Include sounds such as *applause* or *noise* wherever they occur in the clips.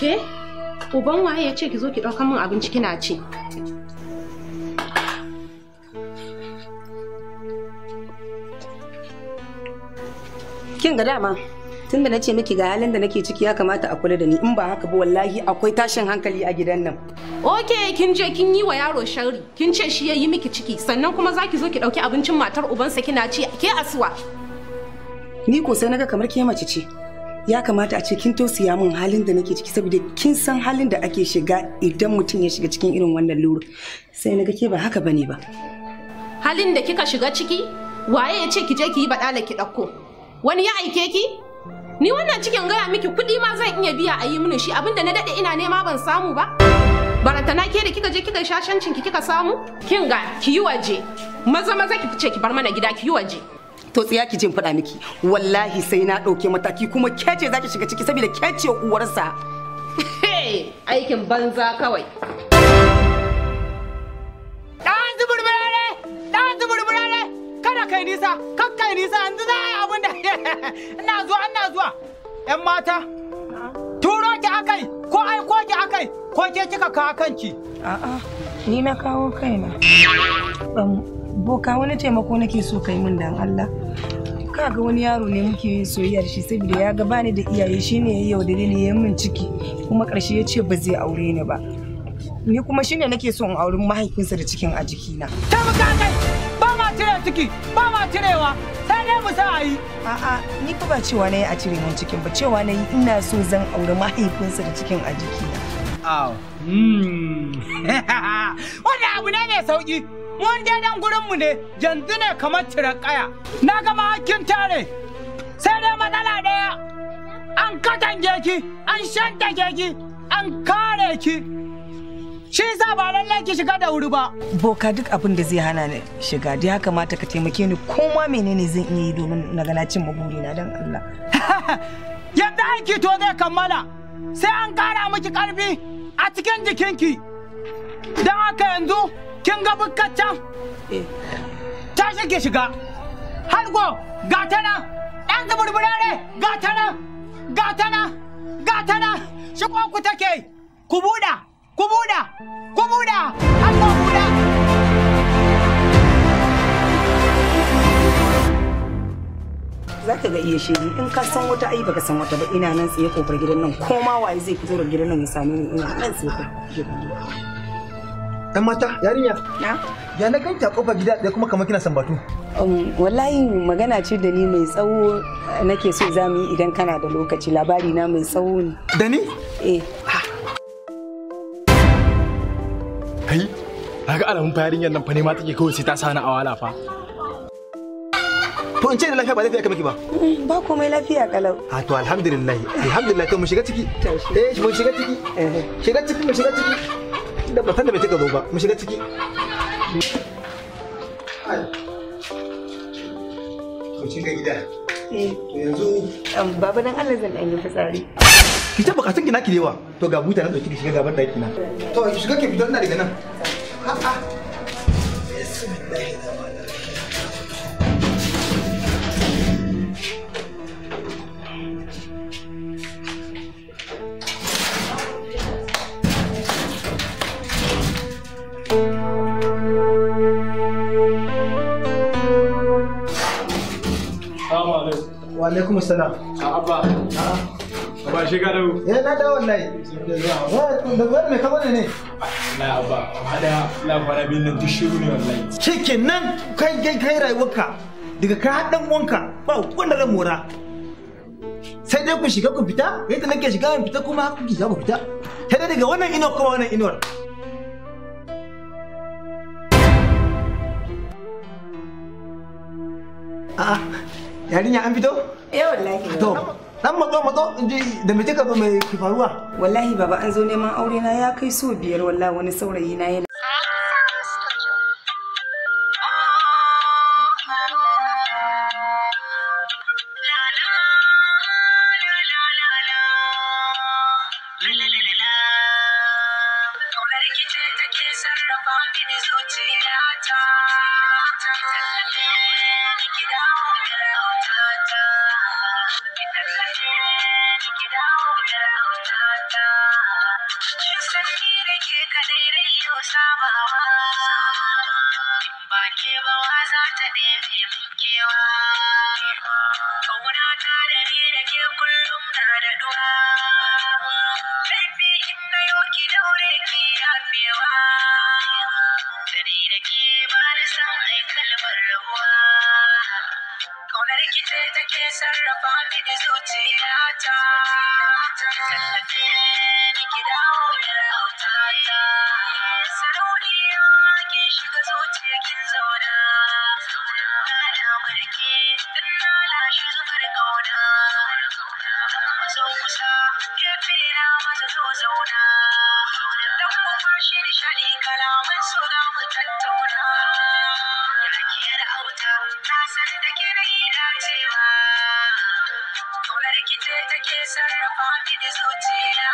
Ke? Uban waye ya ce ki zo ki ɗauka min abinci kina ci? kin ga dama tun da nace miki ga halin da nake ciki ya kamata a kula da ni in ba haka ba wallahi akwai tashin hankali a gidan nan okay kin je kin yi wa yaro sharri kin ce shi ya yi miki ciki sannan kuma zaki zo ki dauki abincin matar ubansa kina ci ke asuwa ni ko sai naga kamar ke mace ce ya kamata a ce kin tausaya min halin da nake ciki saboda kin san halin da ake shiga idan mutum ya shiga cikin irin wannan lura sai naga ke ba haka bane ba halin da kika shiga ciki waye ya ce ki je ki yi badala ki dauko wani ya aike ki ni wannan cikin gaya miki kuɗi ma zan iya biya a yi mini shi abinda na daɗe ina nema ban samu ba barantana ke da kika je kika shashancin ki kika samu kin ga ki yi waje maza maza ki fice ki bar mana gida ki yi waje to tsaya ki jin faɗa miki wallahi sai na ɗauke mataki kuma kece zaki shiga ciki saboda kece uwarsa aikin banza kawai ɗan zuburburare ɗan zuburburare kada kai nisa kakkai nisa yanzu za a wanda *laughs* ina zuwa ina zuwa yan mata turo ki akai ko aiko ki akai ko ke kika kawo kanki a'a ni na kawo kaina boka wani taimako nake so kai min dan Allah kaga wani yaro ne muke soyayyar shi saboda ya ga bani da iyaye shine ya da ni ya min ciki kuma karshe ya ce ba zai aure ni ba ni kuma shine nake so in auri mahaifinsa da cikin a jikina ta kai ba ma cire ciki ba ma cirewa ne mu sa a yi. A'a ni fa ba cewa na yi a cire min cikin ba cewa na yi ina so zan auri mahaifinsa da cikin a jikina. Aw. Hmm. *laughs* wani abu ne mai sauki. Mun dai dan gurinmu ne yanzu ne kamar cire Na gama hakkin tare. Sai dai matsala ɗaya. An katange ki, an shanta ki, an kare ki. Shi yasa ba lallai ki shiga da wuri ba. Boka duk abin da zai hana ni shiga da ya kamata ka taimake ni koma menene zan iya yi domin na gana na cin na dan Allah. *laughs* Yadda aiki to zai kammala sai an kara miki karfi a cikin jikinki. Don haka yanzu kin ga bukkaccen. Eh. Tashi ki shiga. Hargo ga ta nan ɗan zuburburare ga ta nan ga ta nan ga ta nan shigo ku take ku buɗa. ¡Ku buɗa! ¡Ku buɗa! zaka ga iya shiri in ka san wata ai baka san wata ba ina nan tsaye kofar gidan nan ko ma waye zai fito da gidan nan ya same ni ina nan tsaye kofar dan mata yarinya na ya na ganta kofar gida da kuma kamar kina sambatu um, wallahi magana ce da ni mai tsawo nake so za mu yi idan kana da lokaci labari na mai tsawo ne da ni eh kaga alamun fa yarinyar nan fa ne ma take kawai sai ta sani a wala fa to in ce da lafiya ba lafiya kamar ki ba mm, ba komai lafiya kalau a to alhamdulillah alhamdulillah to mu shiga ciki eh mu shiga ciki eh. shiga ciki mu shiga ciki da ba san da bai kika zo ba mu shiga ciki to shiga gida eh. yanzu baba dan Allah zan dan yi fitsari ki ta bukatun ki naki dewa to ga buta na dauki ki shiga gaban daki na to shiga ki fitar na daga nan اسم الله ده alaikum salam abba abba shi ka dawo eh na dawo wallahi da zuwa da zuwa me ka bane ne la ba hada ba na nan duk shiru ne wallahi nan kai kai kai rayuwarka daga ka haɗan ba wanda zan mora sai dai ku shiga ku fita yadda nake shiga in fita kuma ku shiga ku fita sai dai daga wannan inuwar kuma wannan inuwar a'a yarinya an fito eh wallahi dan matso matso da mace ka mai ki faruwa wallahi baba an zo neman aure na ya kai so biyar wallahi wani saurayi na yana mini dai rayo sabawa ba ke ba za ta ɗebe min kewa kauna ta da ni da ke kullum na da duwa baby in na yo ki daure ki yafewa da da ke ba da san kalmar rabuwa Ƙaunar ki take sarrafa mini zuciyata tallafe mun suna da mu tattauna hakiyar auta ta san da na yi dacewa ce take sarrafa mini zuciya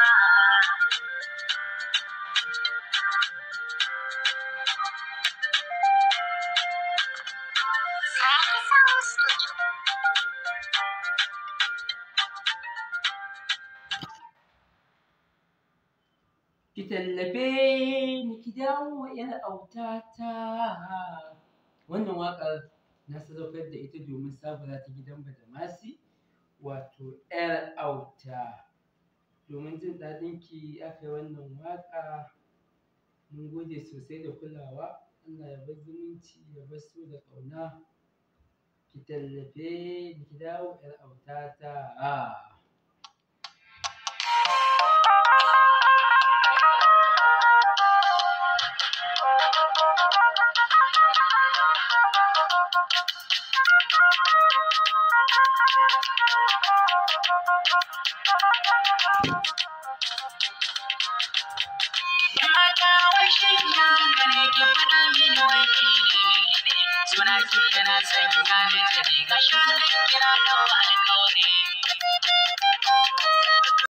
ki tallafe ni ki dawo yar autata wannan waƙar na sadaukar da ita domin sabula ta gidan badamasi wato yar auta domin jin daɗin ki aka yi wannan waƙa mun gode sosai da kulawa Allah ya bar zumunci ya bar so da ƙauna kita lebih di kita el autata ah Thank you. san ka miji ka sha kira da alƙawari